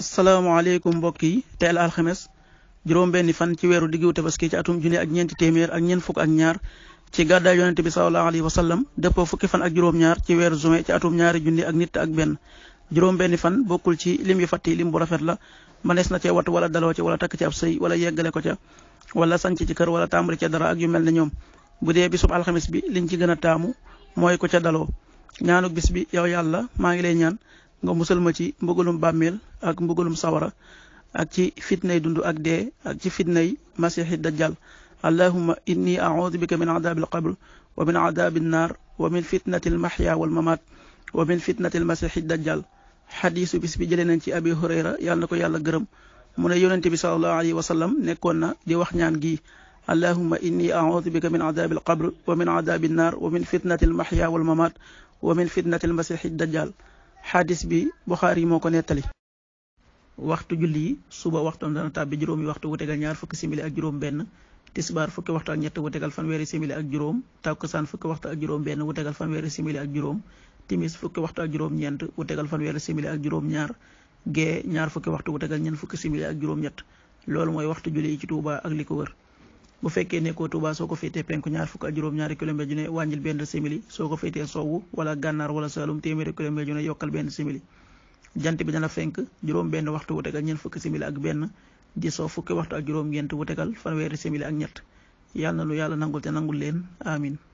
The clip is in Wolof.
asalaamaaleykum mbokk yi teel alxames juróom-benni fan ci weeru diggu tabaski ci atum junni ak ñeenti téeméer ak ñeent fukk ak ñaar ci gàddaay yonente bi sallallahu alayhi wa sallam dëppoo fukki fan ak juróom-ñaar ci weeru juin ci atum ñaari junni ak nit ak benn juróom-benni fan bokkul ci lim yu fàtti lim bu rafet la mënees na cee wat wala daloo ci wala takk ci ab sëy wala yeggale ko ca wala sanc ci kër wala tàmbali ca dara ak yu mel ne ñoom bu dee bisub alxames bi liñ ci gën a taamu mooy ko ca daloo ñaanuk bis bi yow yàlla maa ngi lay ñaan nga musal ma ci mbëggalum bàmmeel ak mbëggalum sawara ak ci fitnay dund ak de ak ci fitnay masiixi dajjal allahuma inni audu bika min adabi alqabr wa min adabi annaar wa min fitnati almaxya walmamaat wa min fitnati almasiixi dajjal xadiisu bis bi jëlee nañ ci abi hurayra yàlla ko yàlla gërëm mu ne yonente bi salallahu nekkoon na di wax ñaan gii allahuma inni audu bika min adabi alqabr wa min adabi annaar wa min fitnati almaxya walmamaat wa min fitnati almasiixi dajjal xadis bi Buxaari moo ko nettali waxtu julli yi suba waxtoom dana tàbbi juróomi waxtu wu tegal ñaar fukki simili ak juróom benn tisbaar fukki waxtu ak ñett wu tegal fanweeri simili ak juróom takkusaan fukki waxtu ak juróom benn wu tegal fanweeri simili ak juróom timis fukki waxtu ak juróom ñeent wu tegal fanweeri simili ak juróom ñaar gee ñaar fukki waxtu wu tegal ñeent fukki simili ak juróom ñett loolu mooy waxtu julli yi ci Tuuba ak li ko wër bu fekkee ne ko Touba soo ko féetee penku ñaar fukk ak juróom-ñaari kilomètre ju ne wàññil benn simili soo ko féetee sowwu wala gànnaar wala saalum téeméeri kilomètre ju ne yokkal benn simili jant bi dana fenk juróom benn waxtu wu tegal ñeent fukki simili ak benn di soo fukki waxtu ak juróom-ñeent wu tegal fanweeri simili ak ñett yàlla na lu yàlla nangul te nangul leen amin